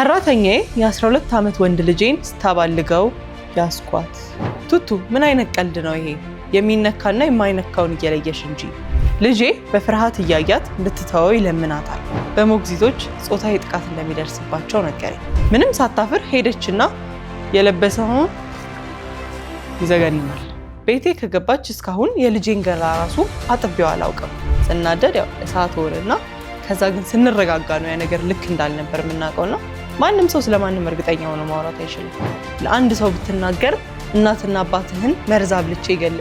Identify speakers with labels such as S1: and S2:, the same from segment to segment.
S1: ሰራተኛዬ የ12 ዓመት ወንድ ልጄን ስታባልገው ያስኳት። ቱቱ ምን አይነት ቀልድ ነው ይሄ? የሚነካና የማይነካውን እየለየሽ እንጂ። ልጄ በፍርሃት እያያት እንድትተወው ይለምናታል። በሞግዚቶች ጾታዊ ጥቃት እንደሚደርስባቸው ነገረኝ። ምንም ሳታፍር ሄደችና የለበሰውን ይዘገንናል። ቤቴ ከገባች እስካሁን የልጄን ገላ ራሱ አጥቤው አላውቅም። ስናደድ ያው እሳት ወርና ከዛ ግን ስንረጋጋ ነው ያ ነገር ልክ እንዳልነበር የምናውቀው ነው። ማንም ሰው ስለማንም እርግጠኛ ሆኖ ማውራት አይችልም። ለአንድ ሰው ብትናገር እናትና አባትህን መርዝ አብልቼ ይገል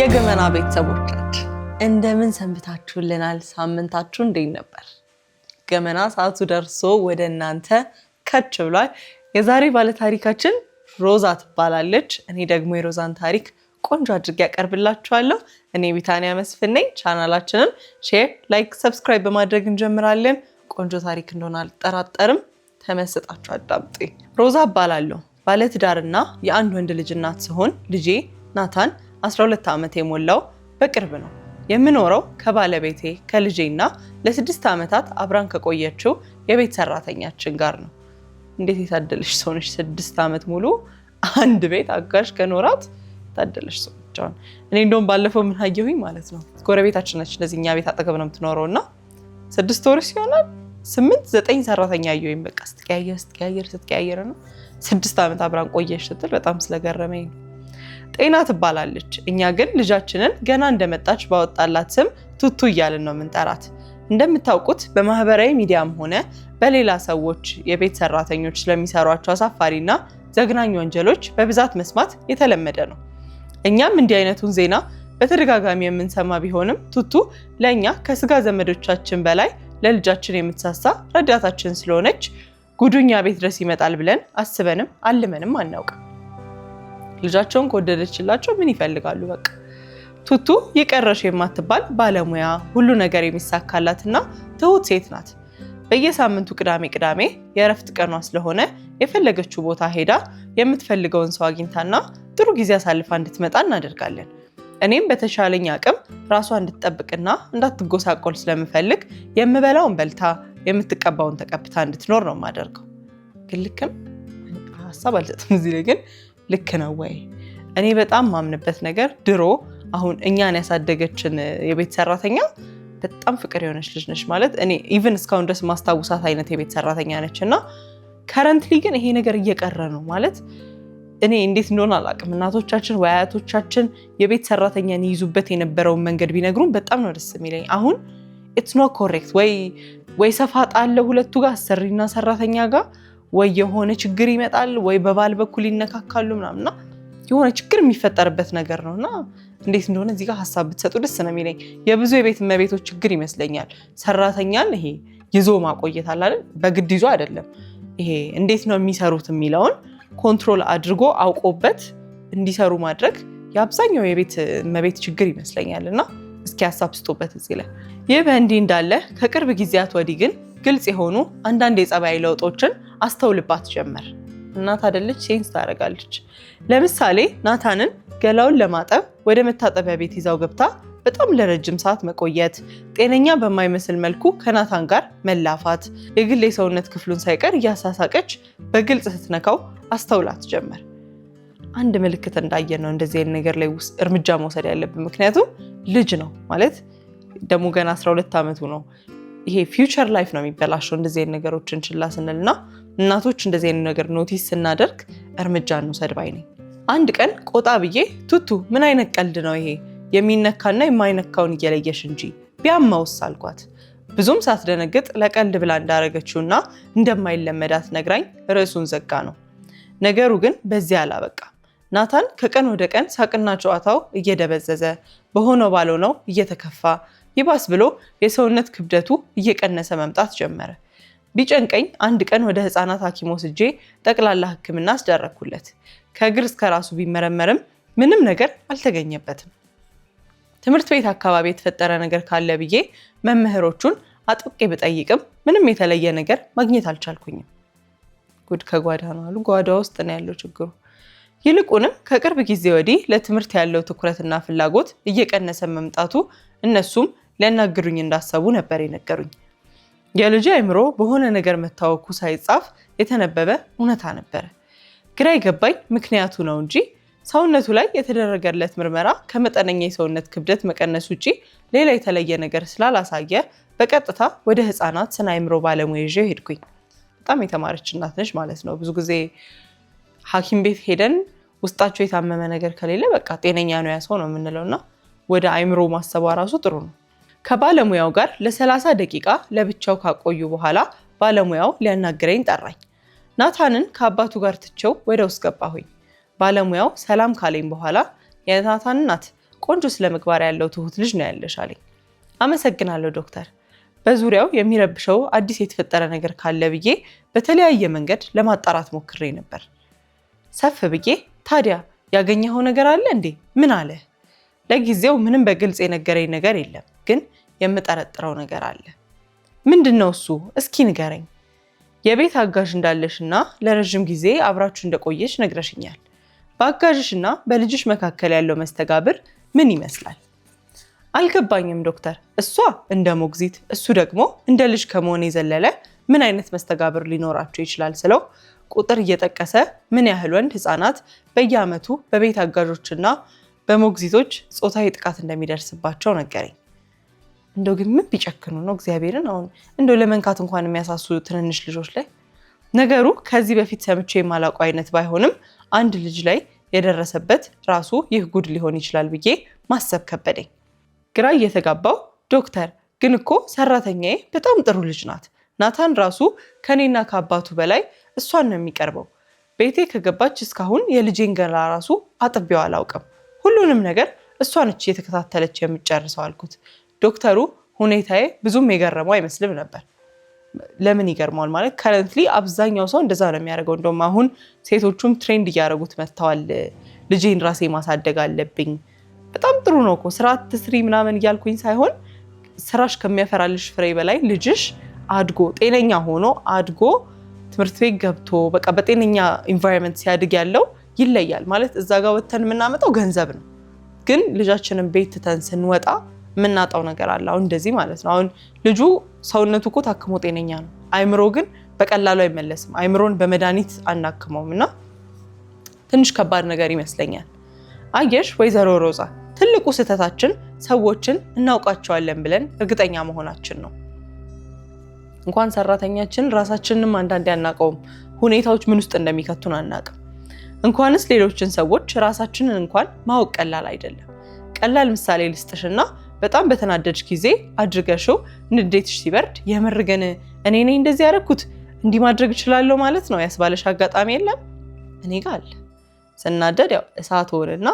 S1: የገመና ቤተሰቦቻችን እንደምን ሰንብታችሁልናል? ሳምንታችሁ እንዴት ነበር? ገመና ሰዓቱ ደርሶ ወደ እናንተ ከች ብሏል። የዛሬ ባለታሪካችን ሮዛ ትባላለች። እኔ ደግሞ የሮዛን ታሪክ ቆንጆ አድርጌ ያቀርብላችኋለሁ። እኔ ቢታንያ መስፍን ነኝ። ቻናላችንን ሼር፣ ላይክ፣ ሰብስክራይብ በማድረግ እንጀምራለን። ቆንጆ ታሪክ እንደሆነ አልጠራጠርም። ተመስጣችሁ አዳምጤ ሮዛ እባላለሁ። ባለትዳርና የአንድ ወንድ ልጅ እናት ስሆን ልጄ ናታን 12 ዓመት የሞላው በቅርብ ነው። የምኖረው ከባለቤቴ ከልጄና ለስድስት ዓመታት አብራን ከቆየችው የቤት ሰራተኛችን ጋር ነው። እንዴት የታደለች ሰው ነች! ስድስት ዓመት ሙሉ አንድ ቤት አጋዥ ከኖራት የታደለች ሰው ብቻ እኔ እንደውም ባለፈው ምን አየሁኝ ማለት ነው ጎረቤታችን ነች እንደዚህ እኛ ቤት አጠገብ ነው የምትኖረው እና ስድስት ወር ሲሆናል ስምንት ዘጠኝ ሰራተኛ አየሁኝ። በቃ ስትቀያየር ስትቀያየር ስትቀያየር ነው ስድስት ዓመት አብራን ቆየሽ ስትል በጣም ስለገረመኝ ነው። ጤና ትባላለች። እኛ ግን ልጃችንን ገና እንደመጣች ባወጣላት ስም ቱቱ እያልን ነው የምንጠራት። እንደምታውቁት በማህበራዊ ሚዲያም ሆነ በሌላ ሰዎች የቤት ሰራተኞች ስለሚሰሯቸው አሳፋሪና ዘግናኝ ወንጀሎች በብዛት መስማት የተለመደ ነው። እኛም እንዲህ አይነቱን ዜና በተደጋጋሚ የምንሰማ ቢሆንም ቱቱ ለእኛ ከስጋ ዘመዶቻችን በላይ ለልጃችን የምትሳሳ ረዳታችን ስለሆነች ጉዱኛ ቤት ድረስ ይመጣል ብለን አስበንም አልመንም አናውቅም። ልጃቸውን ከወደደችላቸው ምን ይፈልጋሉ? በቃ ቱቱ የቀረሽ የማትባል ባለሙያ፣ ሁሉ ነገር የሚሳካላትና ትሁት ሴት ናት። በየሳምንቱ ቅዳሜ ቅዳሜ የእረፍት ቀኗ ስለሆነ የፈለገችው ቦታ ሄዳ የምትፈልገውን ሰው አግኝታና ጥሩ ጊዜ አሳልፋ እንድትመጣ እናደርጋለን። እኔም በተሻለኝ አቅም ራሷ እንድትጠብቅና እንዳትጎሳቆል ስለምፈልግ የምበላውን በልታ የምትቀባውን ተቀብታ እንድትኖር ነው የማደርገው። ግን ልክም ሀሳብ አልሰጥም እዚህ ላይ ግን ልክ ነው ወይ? እኔ በጣም ማምንበት ነገር ድሮ አሁን እኛን ያሳደገችን የቤት ሰራተኛ በጣም ፍቅር የሆነች ልጅ ነች ማለት እኔ ኢቨን እስካሁን ድረስ ማስታውሳት አይነት የቤት ሰራተኛ ነች እና ከረንትሊ ግን ይሄ ነገር እየቀረ ነው ማለት እኔ እንዴት እንደሆነ አላውቅም። እናቶቻችን ወይ አያቶቻችን የቤት ሰራተኛን ይይዙበት የነበረውን መንገድ ቢነግሩን በጣም ነው ደስ የሚለኝ። አሁን ኢትስ ኖ ኮሬክት ወይ ሰፋጣ አለ ሁለቱ ጋር አሰሪና ሰራተኛ ጋር ወይ የሆነ ችግር ይመጣል ወይ በባል በኩል ይነካካሉ ምናምና የሆነ ችግር የሚፈጠርበት ነገር ነው እና እንዴት እንደሆነ እዚህ ጋር ሀሳብ ብትሰጡ ደስ ነው የሚለኝ። የብዙ የቤት እመቤቶች ችግር ይመስለኛል ሰራተኛን ይሄ ይዞ ማቆየት አላለን በግድ ይዞ አይደለም ይሄ እንዴት ነው የሚሰሩት የሚለውን ኮንትሮል አድርጎ አውቆበት እንዲሰሩ ማድረግ የአብዛኛው የቤት መቤት ችግር ይመስለኛል እና እስኪ ሀሳብ ስጡበት እዚህ ላይ። ይህ በእንዲህ እንዳለ ከቅርብ ጊዜያት ወዲህ ግን ግልጽ የሆኑ አንዳንድ የጸባይ ለውጦችን አስተውልባት ጀመር። እናት አደለች ሴንስ ታደርጋለች። ለምሳሌ ናታንን ገላውን ለማጠብ ወደ መታጠቢያ ቤት ይዛው ገብታ በጣም ለረጅም ሰዓት መቆየት፣ ጤነኛ በማይመስል መልኩ ከናታን ጋር መላፋት፣ የግል የሰውነት ክፍሉን ሳይቀር እያሳሳቀች በግልጽ ስትነካው አስተውላት ጀመር። አንድ ምልክት እንዳየ ነው እንደዚህ አይነት ነገር ላይ ውስጥ እርምጃ መውሰድ ያለብን። ምክንያቱም ልጅ ነው ማለት ደግሞ ገና 12 ዓመቱ ነው። ይሄ ፊውቸር ላይፍ ነው የሚበላሸው እንደዚህ አይነት ነገሮችን ችላ ስንል እና እናቶች እንደዚህ አይነት ነገር ኖቲስ ስናደርግ እርምጃ እንውሰድ ባይ ነኝ። አንድ ቀን ቆጣ ብዬ ቱቱ ምን አይነት ቀልድ ነው ይሄ የሚነካና የማይነካውን እየለየሽ እንጂ ቢያመውስ አልኳት። ብዙም ሳትደነግጥ ለቀልድ ብላ እንዳረገችውና እንደማይለመዳት ነግራኝ ርዕሱን ዘጋ ነው። ነገሩ ግን በዚያ አላበቃ። ናታን ከቀን ወደ ቀን ሳቅና ጨዋታው እየደበዘዘ በሆነው ነው እየተከፋ ይባስ ብሎ የሰውነት ክብደቱ እየቀነሰ መምጣት ጀመረ። ቢጨንቀኝ አንድ ቀን ወደ ህፃናት ሐኪም ወስጄ ጠቅላላ ሕክምና አስደረግኩለት። ከእግር እስከ ራሱ ቢመረመርም ምንም ነገር አልተገኘበትም። ትምህርት ቤት አካባቢ የተፈጠረ ነገር ካለ ብዬ መምህሮቹን አጥብቄ ብጠይቅም ምንም የተለየ ነገር ማግኘት አልቻልኩኝም። ጉድ ከጓዳ ነው አሉ። ጓዳ ውስጥ ነው ያለው ችግሩ። ይልቁንም ከቅርብ ጊዜ ወዲህ ለትምህርት ያለው ትኩረትና ፍላጎት እየቀነሰ መምጣቱ እነሱም ሊያናግሩኝ እንዳሰቡ ነበር የነገሩኝ። የልጅ አይምሮ በሆነ ነገር መታወኩ ሳይጻፍ የተነበበ እውነታ ነበረ። ግራ የገባኝ ምክንያቱ ነው እንጂ ሰውነቱ ላይ የተደረገለት ምርመራ ከመጠነኛ የሰውነት ክብደት መቀነስ ውጪ ሌላ የተለየ ነገር ስላላሳየ በቀጥታ ወደ ህፃናት ስነ አእምሮ ባለሙያ ይዤ ሄድኩኝ። በጣም የተማረች እናት ነች ማለት ነው። ብዙ ጊዜ ሐኪም ቤት ሄደን ውስጣቸው የታመመ ነገር ከሌለ በቃ ጤነኛ ነው ያ ሰው ነው የምንለው እና ወደ አይምሮ ማሰቧ ራሱ ጥሩ ነው። ከባለሙያው ጋር ለሰላሳ ደቂቃ ለብቻው ካቆዩ በኋላ ባለሙያው ሊያናግረኝ ጠራኝ። ናታንን ከአባቱ ጋር ትቼው ወደ ውስጥ ገባሁኝ። ባለሙያው ሰላም ካለኝ በኋላ የናታን እናት ቆንጆ ስለ ምግባር ያለው ትሁት ልጅ ነው ያለሽ አለኝ። አመሰግናለሁ ዶክተር። በዙሪያው የሚረብሸው አዲስ የተፈጠረ ነገር ካለ ብዬ በተለያየ መንገድ ለማጣራት ሞክሬ ነበር። ሰፍ ብዬ ታዲያ ያገኘኸው ነገር አለ እንዴ? ምን አለ? ለጊዜው ምንም በግልጽ የነገረኝ ነገር የለም፣ ግን የምጠረጥረው ነገር አለ። ምንድን ነው እሱ? እስኪ ንገረኝ። የቤት አጋዥ እንዳለሽ እና ለረዥም ጊዜ አብራችሁ እንደቆየች ነግረሽኛል። በአጋዥሽ እና በልጅሽ መካከል ያለው መስተጋብር ምን ይመስላል? አልገባኝም ዶክተር። እሷ እንደ ሞግዚት፣ እሱ ደግሞ እንደ ልጅ ከመሆን የዘለለ ምን አይነት መስተጋብር ሊኖራቸው ይችላል ስለው ቁጥር እየጠቀሰ ምን ያህል ወንድ ህፃናት በየአመቱ በቤት አጋዦችና በሞግዚቶች ጾታዊ ጥቃት እንደሚደርስባቸው ነገረኝ። እንደው ግን ምን ቢጨክኑ ነው እግዚአብሔርን። አሁን እንደው ለመንካት እንኳን የሚያሳሱ ትንንሽ ልጆች ላይ ነገሩ ከዚህ በፊት ሰምቼ የማላውቀው አይነት ባይሆንም አንድ ልጅ ላይ የደረሰበት ራሱ ይህ ጉድ ሊሆን ይችላል ብዬ ማሰብ ከበደኝ። ግራ እየተጋባው ዶክተር ግን እኮ ሰራተኛዬ በጣም ጥሩ ልጅ ናት። ናታን ራሱ ከኔና ከአባቱ በላይ እሷን ነው የሚቀርበው። ቤቴ ከገባች እስካሁን የልጄን ገላ ራሱ አጥቤው አላውቅም። ሁሉንም ነገር እሷንች እየተከታተለች የምጨርሰው አልኩት። ዶክተሩ ሁኔታዬ ብዙም የገረመው አይመስልም ነበር። ለምን ይገርማል ማለት ከረንትሊ አብዛኛው ሰው እንደዛ ነው የሚያደርገው። እንደውም አሁን ሴቶቹም ትሬንድ እያደረጉት መጥተዋል። ልጄን ራሴ ማሳደግ አለብኝ። በጣም ጥሩ ነው እኮ ስራ ትስሪ ምናምን እያልኩኝ ሳይሆን ስራሽ ከሚያፈራልሽ ፍሬ በላይ ልጅሽ አድጎ ጤነኛ ሆኖ አድጎ ትምህርት ቤት ገብቶ በቃ በጤነኛ ኢንቫይሮንመንት ሲያድግ ያለው ይለያል ማለት እዛ ጋር ወተን የምናመጣው ገንዘብ ነው፣ ግን ልጃችንን ቤት ትተን ስንወጣ የምናጣው ነገር አለ። አሁን እንደዚህ ማለት ነው። አሁን ልጁ ሰውነቱ እኮ ታክሞ ጤነኛ ነው። አይምሮ ግን በቀላሉ አይመለስም። አይምሮን በመድኃኒት አናክመውም እና ትንሽ ከባድ ነገር ይመስለኛል። አየሽ ወይዘሮ ሮዛ ትልቁ ስህተታችን ሰዎችን እናውቃቸዋለን ብለን እርግጠኛ መሆናችን ነው። እንኳን ሰራተኛችን ራሳችንንም አንዳንዴ አናውቀውም። ሁኔታዎች ምን ውስጥ እንደሚከቱን አናውቅም። እንኳንስ ሌሎችን ሰዎች ራሳችንን እንኳን ማወቅ ቀላል አይደለም። ቀላል ምሳሌ ልስጥሽና በጣም በተናደድሽ ጊዜ አድርገሽው ንዴትሽ ሲበርድ የምር ግን እኔ ነኝ እንደዚህ ያደረግኩት እንዲህ ማድረግ እችላለሁ ማለት ነው ያስባለሽ አጋጣሚ የለም? እኔ ጋር አለ። ስናደድ ያው እሳት ሆንና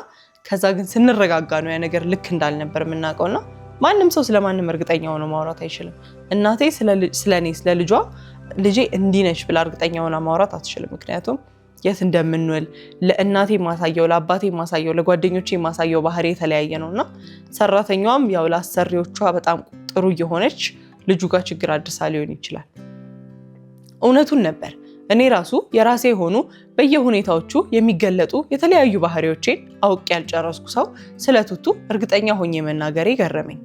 S1: ከዛ ግን ስንረጋጋ ነው ያ ነገር ልክ እንዳልነበር የምናውቀውና ማንም ሰው ስለማንም እርግጠኛ ሆኖ ማውራት አይችልም። እናቴ ስለኔ ስለ ልጇ ልጄ እንዲህ ነች ብላ እርግጠኛ ሆና ማውራት አትችልም። ምክንያቱም የት እንደምንውል ለእናቴ ማሳየው፣ ለአባቴ ማሳየው፣ ለጓደኞች ማሳየው ባህሪ የተለያየ ነው እና ሰራተኛዋም ያው ለአሰሪዎቿ በጣም ጥሩ እየሆነች ልጁ ጋር ችግር አድርሳ ሊሆን ይችላል። እውነቱን ነበር። እኔ ራሱ የራሴ የሆኑ በየሁኔታዎቹ የሚገለጡ የተለያዩ ባህሪዎቼን አውቅ ያልጨረስኩ ሰው ስለ ቱቱ እርግጠኛ ሆኜ መናገሬ ገረመኝ።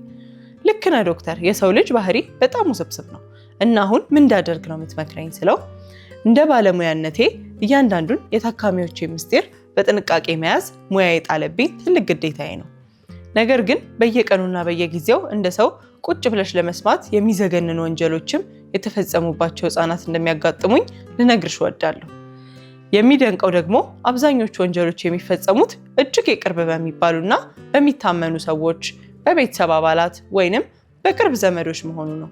S1: ልክ ነህ ዶክተር፣ የሰው ልጅ ባህሪ በጣም ውስብስብ ነው እና አሁን ምን እንዳደርግ ነው የምትመክረኝ ስለው እንደ ባለሙያነቴ እያንዳንዱን የታካሚዎች ምስጢር በጥንቃቄ መያዝ ሙያ የጣለብኝ ትልቅ ግዴታዬ ነው። ነገር ግን በየቀኑና በየጊዜው እንደ ሰው ቁጭ ብለሽ ለመስማት የሚዘገንን ወንጀሎችም የተፈጸሙባቸው ህፃናት እንደሚያጋጥሙኝ ልነግርሽ እወዳለሁ። የሚደንቀው ደግሞ አብዛኞቹ ወንጀሎች የሚፈጸሙት እጅግ የቅርብ በሚባሉና በሚታመኑ ሰዎች፣ በቤተሰብ አባላት ወይንም በቅርብ ዘመዶች መሆኑ ነው።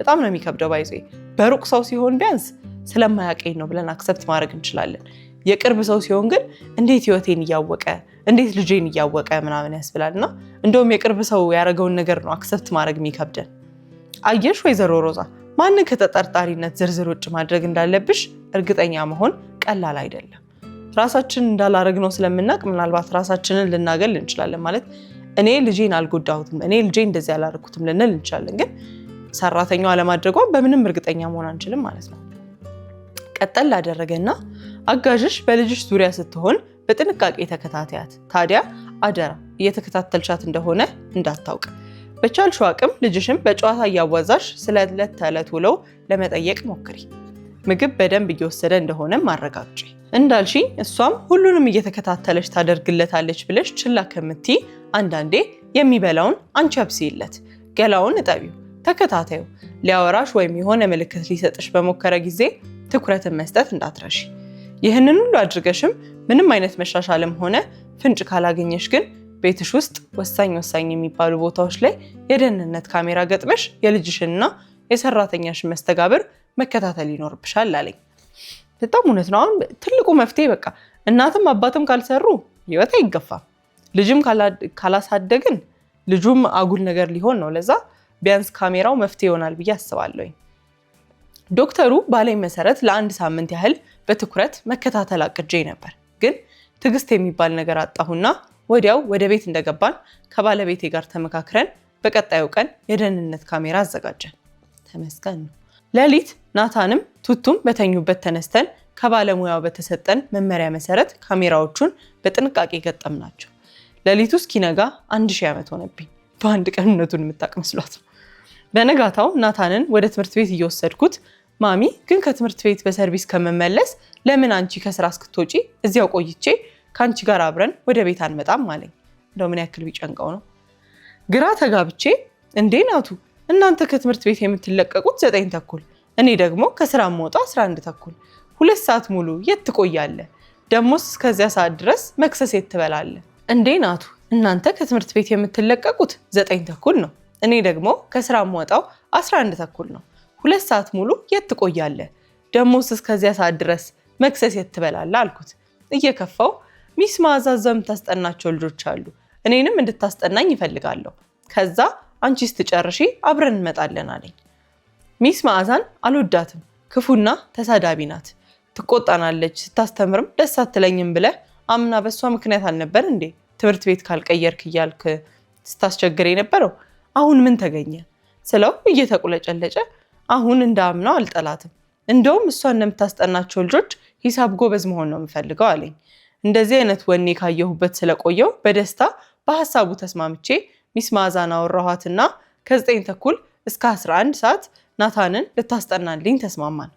S1: በጣም ነው የሚከብደው። ባይዜ በሩቅ ሰው ሲሆን ቢያንስ ስለማያቀኝ ነው ብለን አክሰፕት ማድረግ እንችላለን። የቅርብ ሰው ሲሆን ግን እንዴት ህይወቴን እያወቀ እንዴት ልጄን እያወቀ ምናምን ያስብላል። እና እንደውም የቅርብ ሰው ያደረገውን ነገር ነው አክሰፕት ማድረግ የሚከብደን። አየሽ ወይዘሮ ሮዛ ማንን ከተጠርጣሪነት ዝርዝር ውጭ ማድረግ እንዳለብሽ እርግጠኛ መሆን ቀላል አይደለም። ራሳችን ነው ስለምናውቅ ምናልባት ራሳችንን ልናገል እንችላለን። ማለት እኔ ልጄን አልጎዳሁትም፣ እኔ ልጄ እንደዚህ አላረግኩትም ልንል እንችላለን። ግን ሰራተኛዋ አለማድረጓን በምንም እርግጠኛ መሆን አንችልም ማለት ነው። ቀጠል አደረገና አጋዥሽ በልጅሽ ዙሪያ ስትሆን በጥንቃቄ ተከታተያት። ታዲያ አደራ እየተከታተልሻት እንደሆነ እንዳታውቅ። በቻልሽው አቅም ልጅሽም በጨዋታ እያዋዛሽ ስለ ዕለት ተዕለት ውለው ለመጠየቅ ሞክሪ። ምግብ በደንብ እየወሰደ እንደሆነም አረጋግጪ። እንዳልሽኝ እሷም ሁሉንም እየተከታተለች ታደርግለታለች ብለሽ ችላ ከምቲ አንዳንዴ የሚበላውን አንቺ አብስይለት፣ ገላውን እጠቢው፣ ተከታታዩ ሊያወራሽ ወይም የሆነ ምልክት ሊሰጥሽ በሞከረ ጊዜ ትኩረትን መስጠት እንዳትረሺ። ይህንን ሁሉ አድርገሽም ምንም አይነት መሻሻልም ሆነ ፍንጭ ካላገኘሽ ግን ቤትሽ ውስጥ ወሳኝ ወሳኝ የሚባሉ ቦታዎች ላይ የደህንነት ካሜራ ገጥመሽ የልጅሽንና የሰራተኛሽን መስተጋብር መከታተል ይኖርብሻል አለኝ። በጣም እውነት ነው። አሁን ትልቁ መፍትሄ በቃ እናትም አባትም ካልሰሩ ህይወት አይገፋም። ልጅም ካላሳደግን ልጁም አጉል ነገር ሊሆን ነው። ለዛ ቢያንስ ካሜራው መፍትሄ ይሆናል ብዬ አስባለሁኝ። ዶክተሩ ባለኝ መሰረት ለአንድ ሳምንት ያህል በትኩረት መከታተል አቅጄ ነበር፣ ግን ትዕግስት የሚባል ነገር አጣሁና ወዲያው ወደ ቤት እንደገባን ከባለቤቴ ጋር ተመካክረን በቀጣዩ ቀን የደህንነት ካሜራ አዘጋጀን። ተመስገን ነው። ሌሊት ናታንም ቱቱም በተኙበት ተነስተን ከባለሙያው በተሰጠን መመሪያ መሰረት ካሜራዎቹን በጥንቃቄ ናቸው። ሌሊቱ እስኪነጋ አንድ ሺህ ዓመት ሆነብኝ። በአንድ ቀን እውነቱን መስሏት ነው። በነጋታው ናታንን ወደ ትምህርት ቤት እየወሰድኩት ማሚ ግን ከትምህርት ቤት በሰርቪስ ከመመለስ ለምን አንቺ ከስራ እስክትወጪ እዚያው ቆይቼ ከአንቺ ጋር አብረን ወደ ቤት አንመጣም አለኝ። እንደው ምን ያክል ቢጨንቀው ነው። ግራ ተጋብቼ እንዴ ናቱ እናንተ ከትምህርት ቤት የምትለቀቁት ዘጠኝ ተኩል እኔ ደግሞ ከስራ መውጣ 11 ተኩል ሁለት ሰዓት ሙሉ የት ትቆያለ? ደግሞስ እስከዚያ ሰዓት ድረስ መክሰስ የት ትበላለ? እንዴ ናቱ እናንተ ከትምህርት ቤት የምትለቀቁት ዘጠኝ ተኩል ነው። እኔ ደግሞ ከስራ መውጣው 11 ተኩል ነው። ሁለት ሰዓት ሙሉ የት ትቆያለህ? ደሞስ እስከዚያ ሰዓት ድረስ መክሰስ የት ትበላለህ? አልኩት እየከፋው። ሚስ መዓዛ እዛው የምታስጠናቸው ልጆች አሉ፣ እኔንም እንድታስጠናኝ ይፈልጋለሁ። ከዛ አንቺ ስትጨርሺ አብረን እንመጣለን አለኝ። ሚስ መዓዛን አልወዳትም፣ ክፉና ተሳዳቢ ናት፣ ትቆጣናለች፣ ስታስተምርም ደስ አትለኝም ብለህ አምና በሷ ምክንያት አልነበር እንዴ ትምህርት ቤት ካልቀየርክ እያልክ ስታስቸግር የነበረው? አሁን ምን ተገኘ ስለው እየተቁለጨለጨ አሁን እንዳምነው አልጠላትም። እንደውም እሷ እንደምታስጠናቸው ልጆች ሂሳብ ጎበዝ መሆን ነው የምፈልገው አለኝ። እንደዚህ አይነት ወኔ ካየሁበት ስለቆየው በደስታ በሀሳቡ ተስማምቼ ሚስ ማዛን አወራኋትና ከዘጠኝ ተኩል እስከ 11 ሰዓት ናታንን ልታስጠናልኝ ተስማማን።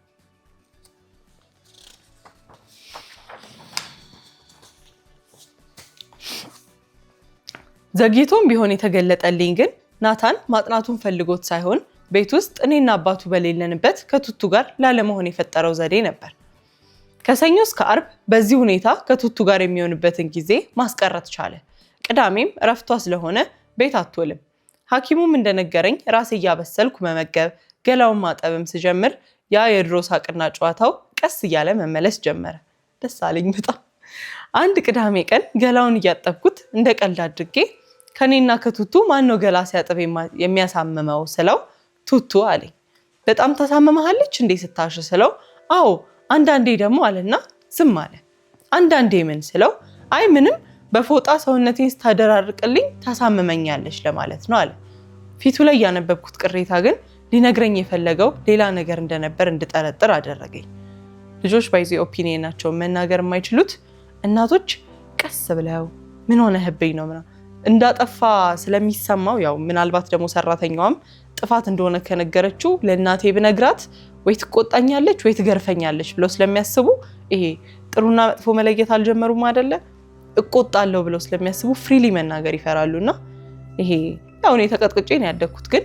S1: ዘግይቶም ቢሆን የተገለጠልኝ ግን ናታን ማጥናቱን ፈልጎት ሳይሆን ቤት ውስጥ እኔና አባቱ በሌለንበት ከቱቱ ጋር ላለመሆን የፈጠረው ዘዴ ነበር። ከሰኞ እስከ አርብ በዚህ ሁኔታ ከቱቱ ጋር የሚሆንበትን ጊዜ ማስቀረት ቻለ። ቅዳሜም እረፍቷ ስለሆነ ቤት አትውልም። ሐኪሙም እንደነገረኝ ራሴ እያበሰልኩ መመገብ፣ ገላውን ማጠብም ስጀምር ያ የድሮ ሳቅና ጨዋታው ቀስ እያለ መመለስ ጀመረ። ደስ አለኝ በጣም። አንድ ቅዳሜ ቀን ገላውን እያጠብኩት እንደ ቀልድ አድርጌ ከኔና ከቱቱ ማነው ገላ ሲያጥብ የሚያሳምመው ስለው ቱቱ አለኝ። በጣም ታሳምመሃለች እንዴ ስታሽ ስለው አዎ አንዳንዴ ደግሞ አለና ዝም አለ። አንዳንዴ ምን ስለው አይ ምንም በፎጣ ሰውነቴን ስታደራርቅልኝ ታሳምመኛለች ለማለት ነው አለ። ፊቱ ላይ ያነበብኩት ቅሬታ ግን ሊነግረኝ የፈለገው ሌላ ነገር እንደነበር እንድጠረጥር አደረገኝ። ልጆች ባይዜ ኦፒኒየናቸውን መናገር የማይችሉት እናቶች ቀስ ብለው ምን ሆነ ህብኝ ነው ምና እንዳጠፋ ስለሚሰማው ያው ምናልባት ደግሞ ሰራተኛዋም ጥፋት እንደሆነ ከነገረችው ለእናቴ ብነግራት ወይ ትቆጣኛለች ወይ ትገርፈኛለች ብለው ስለሚያስቡ ይሄ ጥሩና መጥፎ መለየት አልጀመሩም አይደለ? እቆጣለሁ ብለው ስለሚያስቡ ፍሪሊ መናገር ይፈራሉ። እና ይሄ ያው እኔ ተቀጥቅጬ ነው ያደግኩት፣ ግን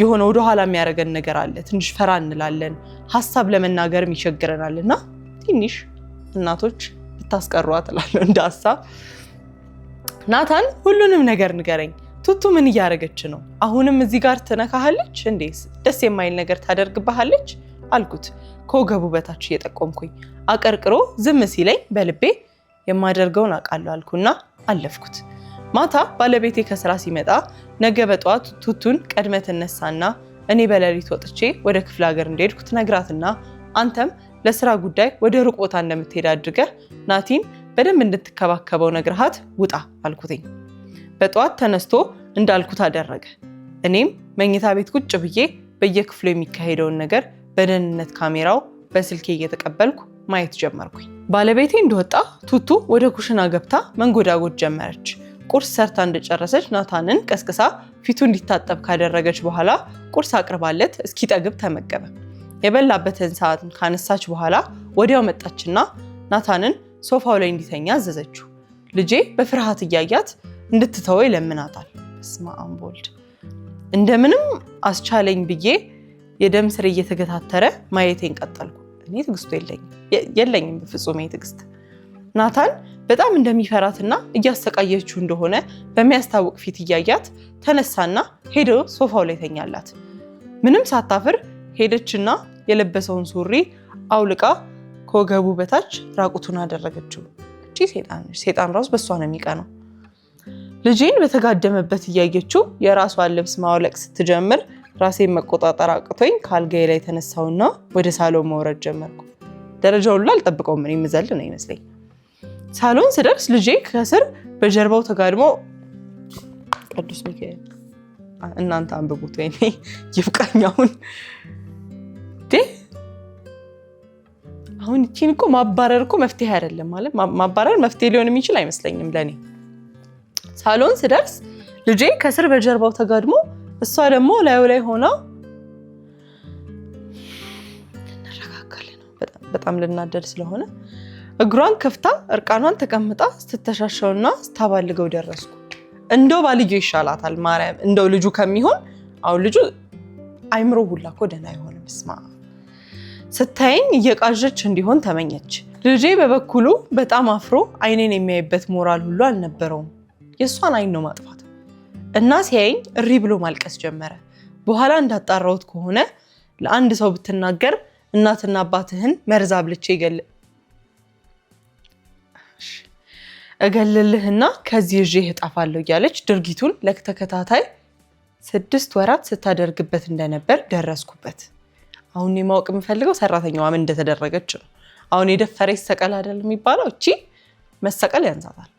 S1: የሆነ ወደኋላ የሚያደርገን ነገር አለ። ትንሽ ፈራ እንላለን፣ ሀሳብ ለመናገርም ይቸግረናል። እና ትንሽ እናቶች ብታስቀሯት እላለሁ እንደ ሀሳብ ናታን ሁሉንም ነገር ንገረኝ ቱቱ ምን እያደረገች ነው? አሁንም እዚህ ጋር ትነካሃለች እንዴ? ደስ የማይል ነገር ታደርግብሃለች አልኩት ከወገቡ በታች እየጠቆምኩኝ። አቀርቅሮ ዝም ሲለኝ በልቤ የማደርገውን አውቃለሁ አልኩና አለፍኩት። ማታ ባለቤቴ ከስራ ሲመጣ ነገ በጠዋት ቱቱን ቀድመ ትነሳና እኔ በሌሊት ወጥቼ ወደ ክፍለ ሀገር እንደሄድኩ ትነግራትና አንተም ለስራ ጉዳይ ወደ ሩቅ ቦታ እንደምትሄድ አድርገህ ናቲን በደንብ እንድትከባከበው ነግርሃት ውጣ አልኩትኝ። በጠዋት ተነስቶ እንዳልኩት አደረገ። እኔም መኝታ ቤት ቁጭ ብዬ በየክፍሉ የሚካሄደውን ነገር በደህንነት ካሜራው በስልኬ እየተቀበልኩ ማየት ጀመርኩኝ። ባለቤቴ እንደወጣ ቱቱ ወደ ኩሽና ገብታ መንጎዳጎድ ጀመረች። ቁርስ ሰርታ እንደጨረሰች ናታንን ቀስቅሳ ፊቱ እንዲታጠብ ካደረገች በኋላ ቁርስ አቅርባለት እስኪጠግብ ተመገበ። የበላበትን ሰዓት ካነሳች በኋላ ወዲያው መጣችና ናታንን ሶፋው ላይ እንዲተኛ አዘዘችው። ልጄ በፍርሃት እያያት እንድትተወው ይለምናታል። በስመ አብ እንደምንም አስቻለኝ ብዬ የደም ስር እየተገታተረ ማየቴን ቀጠልኩ። እኔ ትዕግስቱ የለኝም በፍጹም ትዕግስት። ናታን በጣም እንደሚፈራትና እያሰቃየችው እንደሆነ በሚያስታውቅ ፊት እያያት ተነሳና ሄዶ ሶፋው ላይ ተኛላት። ምንም ሳታፍር ሄደችና የለበሰውን ሱሪ አውልቃ ከወገቡ በታች ራቁቱን አደረገችው። እቺ ሴጣን ራሱ በእሷ ነው የሚቀነው። ልጄን በተጋደመበት እያየችው የራሷን ልብስ ማውለቅ ስትጀምር ራሴን መቆጣጠር አቅቶኝ ከአልጋዬ ላይ ተነሳውና ወደ ሳሎን መውረድ ጀመርኩ። ደረጃው ሁሉ አልጠብቀውም፣ እኔ የምዘል ነው ይመስለኝ። ሳሎን ስደርስ ልጄ ከስር በጀርባው ተጋድሞ ቅዱስ ሚካኤል እናንተ አንብቡት፣ ወይ ይብቃኛውን። አሁን ይቺን እኮ ማባረር እኮ መፍትሄ አይደለም ማለት ማባረር መፍትሄ ሊሆን የሚችል አይመስለኝም ለእኔ ሳሎን ስደርስ ልጄ ከስር በጀርባው ተጋድሞ እሷ ደግሞ ላዩ ላይ ሆና በጣም ልናደድ ስለሆነ እግሯን ከፍታ እርቃኗን ተቀምጣ ስትተሻሸውና ስታባልገው ደረስኩ። እንደው ባልዩ ይሻላታል ማርያም፣ እንደው ልጁ ከሚሆን አሁን ልጁ አይምሮ ሁላ እኮ ደህና አይሆንም። ስማ ስታየኝ እየቃዠች እንዲሆን ተመኘች። ልጄ በበኩሉ በጣም አፍሮ አይኔን የሚያይበት ሞራል ሁሉ አልነበረውም። የእሷን አይን ነው ማጥፋት እና ሲያየኝ እሪ ብሎ ማልቀስ ጀመረ። በኋላ እንዳጣራሁት ከሆነ ለአንድ ሰው ብትናገር እናትና አባትህን መርዝ አብልቼ እገልልህና ከዚህ እዥ እጠፋለሁ እያለች ድርጊቱን ለተከታታይ ስድስት ወራት ስታደርግበት እንደነበር ደረስኩበት። አሁን የማወቅ የምፈልገው ሰራተኛዋ ምን እንደተደረገች ነው። አሁን የደፈረ ይሰቀል አይደል የሚባለው? እቺ መሰቀል ያንሳታል።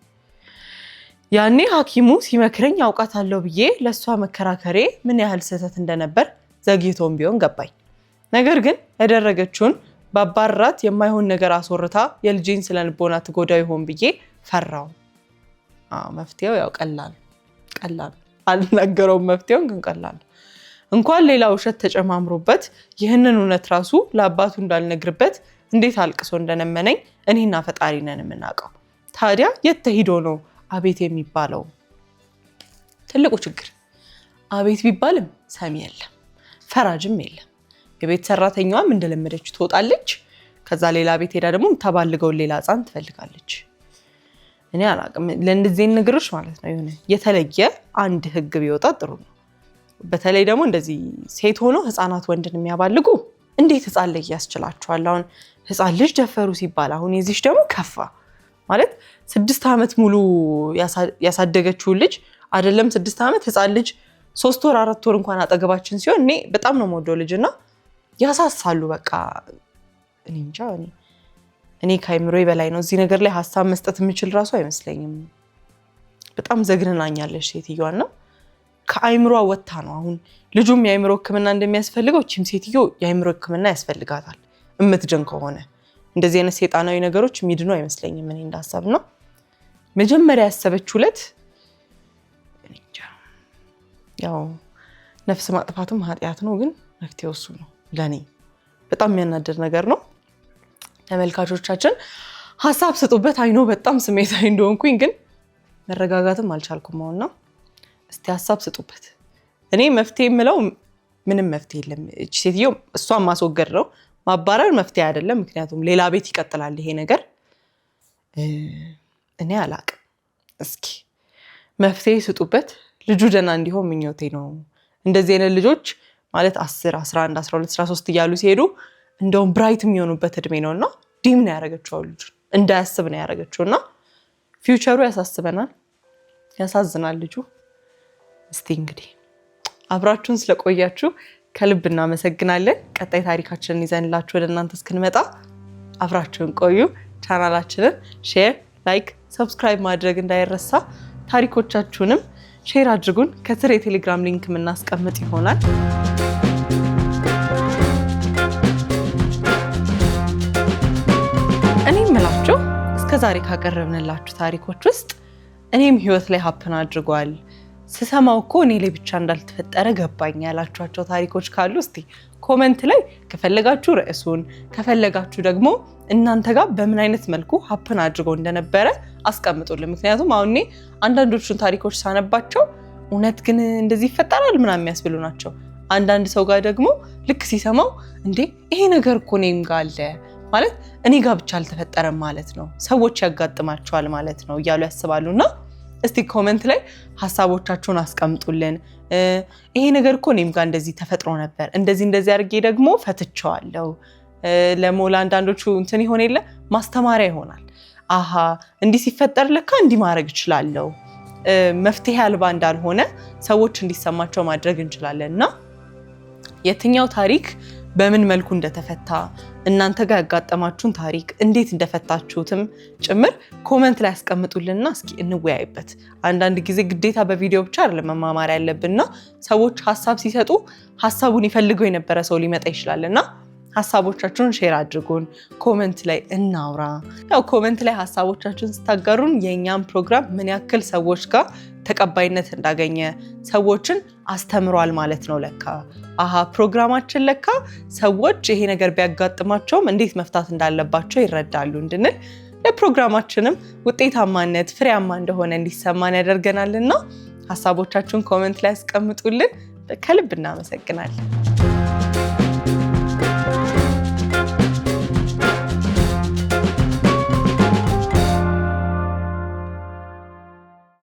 S1: ያኔ ሐኪሙ ሲመክረኝ አውቃታለሁ ብዬ ለእሷ መከራከሬ ምን ያህል ስህተት እንደነበር ዘግይቶም ቢሆን ገባኝ። ነገር ግን ያደረገችውን ባባራት የማይሆን ነገር አስወርታ የልጄን ስነልቦና ትጎዳ ይሆን ብዬ ፈራው። መፍትሄው ያው ቀላል ቀላል አልናገረውም። መፍትሄውን ግን ቀላል እንኳን ሌላ ውሸት ተጨማምሮበት ይህንን እውነት ራሱ ለአባቱ እንዳልነግርበት እንዴት አልቅሶ እንደነመነኝ እኔና ፈጣሪ ነን የምናውቀው። ታዲያ የት ተሂዶ ነው አቤት የሚባለው ትልቁ ችግር አቤት ቢባልም ሰሚ የለም፣ ፈራጅም የለም። የቤት ሰራተኛዋም እንደለመደች ትወጣለች። ከዛ ሌላ ቤት ሄዳ ደግሞ ተባልገውን ሌላ ህፃን ትፈልጋለች። እኔ አላቅም ለእንደዚህ ነገሮች ማለት ነው። የሆነ የተለየ አንድ ህግ ቢወጣ ጥሩ ነው። በተለይ ደግሞ እንደዚህ ሴት ሆኖ ህፃናት ወንድን የሚያባልጉ እንዴት ህፃን ላይ ያስችላቸዋል? አሁን ህፃን ልጅ ደፈሩ ሲባል አሁን የዚች ደግሞ ከፋ ማለት ስድስት ዓመት ሙሉ ያሳደገችውን ልጅ አይደለም ስድስት ዓመት ህፃን ልጅ ሶስት ወር አራት ወር እንኳን አጠገባችን ሲሆን እኔ በጣም ነው የምወደው ልጅ እና ያሳሳሉ። በቃ እኔ እንጃ እኔ ከአይምሮ በላይ ነው። እዚህ ነገር ላይ ሀሳብ መስጠት የምችል ራሱ አይመስለኝም። በጣም ዘግንናኛለች ሴትዮዋን ነው ከአይምሮ ወታ ነው አሁን ልጁም የአይምሮ ህክምና እንደሚያስፈልገው ቺም ሴትዮ የአይምሮ ህክምና ያስፈልጋታል እምትድን ከሆነ እንደዚህ አይነት ሴጣናዊ ነገሮች ሚድኑ አይመስለኝም። እኔ እንዳሳብ ነው መጀመሪያ ያሰበችው ዕለት ያው ነፍስ ማጥፋትም ኃጢአት ነው፣ ግን መፍትሄው እሱ ነው። ለእኔ በጣም የሚያናደድ ነገር ነው። ተመልካቾቻችን ሀሳብ ስጡበት። አይኖ በጣም ስሜታዊ እንደሆንኩኝ ግን መረጋጋትም አልቻልኩም። አሁና እስቲ ሀሳብ ስጡበት። እኔ መፍትሄ የምለው ምንም መፍትሄ የለም። እች ሴትዮ እሷን ማስወገድ ነው። ማባረር መፍትሄ አይደለም። ምክንያቱም ሌላ ቤት ይቀጥላል ይሄ ነገር። እኔ አላቅም። እስኪ መፍትሄ ስጡበት። ልጁ ደና እንዲሆን ምኞቴ ነው። እንደዚህ አይነት ልጆች ማለት 10፣ 11፣ 12፣ 13 እያሉ ሲሄዱ እንደውም ብራይት የሚሆኑበት እድሜ ነው እና ዲም ነው ያደረገችው ልጁ እንዳያስብ ነው ያደረገችው እና ፊውቸሩ ያሳስበናል። ያሳዝናል ልጁ። እስቲ እንግዲህ አብራችሁን ስለቆያችሁ ከልብ እናመሰግናለን። ቀጣይ ታሪካችንን ይዘንላችሁ ወደ እናንተ እስክንመጣ አብራችሁን ቆዩ። ቻናላችንን ሼር፣ ላይክ፣ ሰብስክራይብ ማድረግ እንዳይረሳ። ታሪኮቻችሁንም ሼር አድርጉን። ከስር የቴሌግራም ሊንክ የምናስቀምጥ ይሆናል። እኔ የምላችሁ እስከዛሬ ካቀረብንላችሁ ታሪኮች ውስጥ እኔም ህይወት ላይ ሀፕን አድርጓል ስሰማው እኮ እኔ ላይ ብቻ እንዳልተፈጠረ ገባኝ ያላችኋቸው ታሪኮች ካሉ እስቲ ኮመንት ላይ ከፈለጋችሁ ርዕሱን ከፈለጋችሁ ደግሞ እናንተ ጋር በምን አይነት መልኩ ሀፕን አድርገው እንደነበረ አስቀምጡልን። ምክንያቱም አሁን እኔ አንዳንዶቹን ታሪኮች ሳነባቸው እውነት ግን እንደዚህ ይፈጠራል ምናምን የሚያስብሉ ናቸው። አንዳንድ ሰው ጋር ደግሞ ልክ ሲሰማው እንዴ ይሄ ነገር እኮ እኔም ጋ አለ ማለት እኔ ጋር ብቻ አልተፈጠረም ማለት ነው፣ ሰዎች ያጋጥማቸዋል ማለት ነው እያሉ ያስባሉና እስቲ ኮመንት ላይ ሀሳቦቻችሁን አስቀምጡልን። ይሄ ነገር እኮ እኔም ጋር እንደዚህ ተፈጥሮ ነበር፣ እንደዚህ እንደዚህ አድርጌ ደግሞ ፈትቸዋለሁ። ለሞላ አንዳንዶቹ እንትን ይሆን የለ ማስተማሪያ ይሆናል። አሀ እንዲህ ሲፈጠር ለካ እንዲህ ማድረግ እችላለሁ። መፍትሄ አልባ እንዳልሆነ ሰዎች እንዲሰማቸው ማድረግ እንችላለን እና የትኛው ታሪክ በምን መልኩ እንደተፈታ እናንተ ጋር ያጋጠማችሁን ታሪክ እንዴት እንደፈታችሁትም ጭምር ኮመንት ላይ ያስቀምጡልንና እስኪ እንወያይበት። አንዳንድ ጊዜ ግዴታ በቪዲዮ ብቻ አይደለም መማማር ያለብንና ሰዎች ሀሳብ ሲሰጡ ሀሳቡን ይፈልገው የነበረ ሰው ሊመጣ ይችላልና ሀሳቦቻችሁን ሼር አድርጉን። ኮመንት ላይ እናውራ። ያው ኮመንት ላይ ሀሳቦቻችሁን ስታጋሩን የእኛም ፕሮግራም ምን ያክል ሰዎች ጋር ተቀባይነት እንዳገኘ ሰዎችን አስተምሯል ማለት ነው። ለካ አሃ ፕሮግራማችን ለካ ሰዎች ይሄ ነገር ቢያጋጥማቸውም እንዴት መፍታት እንዳለባቸው ይረዳሉ እንድንል ለፕሮግራማችንም ውጤታማነት ፍሬያማ እንደሆነ እንዲሰማን ያደርገናልና ሀሳቦቻችሁን ኮመንት ላይ ያስቀምጡልን። ከልብ እናመሰግናለን።